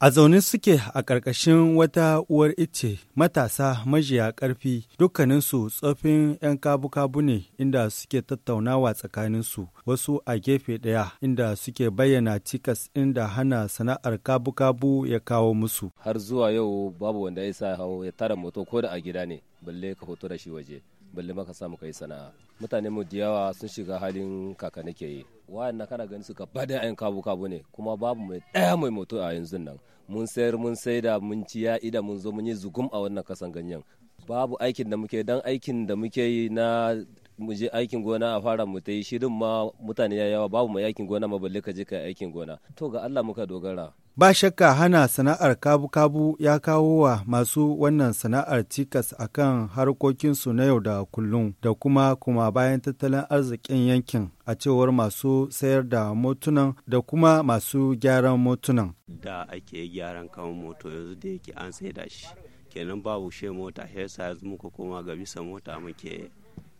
A zaune suke a ƙarƙashin wata uwar ice matasa majiya ƙarfi dukkaninsu tsofin 'yan kabu-kabu ne inda suke tattaunawa tsakaninsu wasu a gefe ɗaya inda suke bayyana cikas inda hana sana'ar kabu-kabu ya kawo musu. Har zuwa yau babu wanda ya sa hau ya tara moto ko da a gida ne balle ka hoto da shi waje. balle maka samu kai sana'a mutane mu da yawa sun shiga halin kaka nake yi wayan na kana ganin suka da ayin kabu kabu ne kuma babu mai daya mai moto a yanzu nan mun sayar mun da mun ci ya ida mun zo mun yi zugum a wannan kasan ganyen babu aikin da muke dan aikin da muke yi na mu je aikin gona a fara mu ta yi shirin ma mutane ya yawa babu mai aikin gona ma balle ka je ka aikin gona to ga Allah muka dogara Ba shakka hana sana'ar kabu-kabu ya kawo wa masu wannan sana'ar cikas a kan harkokinsu na yau da kullum da kuma kuma bayan tattalin arzikin yankin a cewar masu sayar da motunan da kuma masu gyaran motunan. Da ake gyaran kan moto yanzu da yake an sai da shi. Kenan babu she mota shi muka koma ga bisa mota muke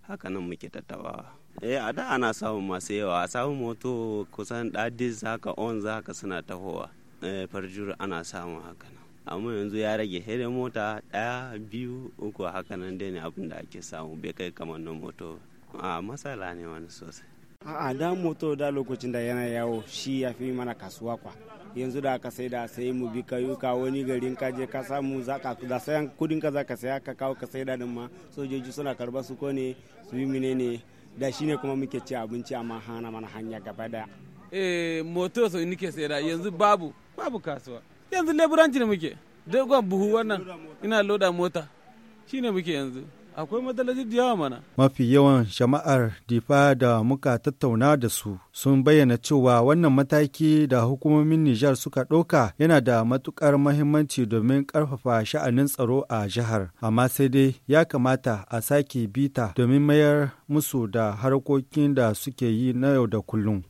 hakanan muke tattabawa. eh a da ana samun masu yawa a samun moto kusan ɗadis haka on haka suna tahowa Eh, farjur ana samu haka nan amma yanzu ya rage hidin mota ɗaya biyu uku haka nan dai ne abin da ake samu bai kai kamar na moto a matsala ne wani sosai a da moto da lokacin da yana yawo shi ya fi mana kasuwa kwa yanzu da aka sai da sai mu bi kayuka wani garin ka je ka samu ka da sayan kudin ka ka saya ka kawo ka sai da din ma sojoji suna karba su ko ne su yi menene da shi ne kuma muke ci abinci amma hana mana hanya gaba daya eh moto so nike sai da yanzu babu babu kasuwa yanzu leburanci ne muke dogon buhu wannan ina loda mota shine muke yanzu akwai matsalaci da yawa mana. Mafi yawan jama'ar difa da muka tattauna da su sun bayyana cewa wannan mataki da hukumomin Nijar suka ɗauka yana da matukar mahimmanci domin ƙarfafa sha'anin tsaro a jihar, amma sai dai ya kamata a sake bita domin mayar musu da harkokin da suke yi na yau da kullum.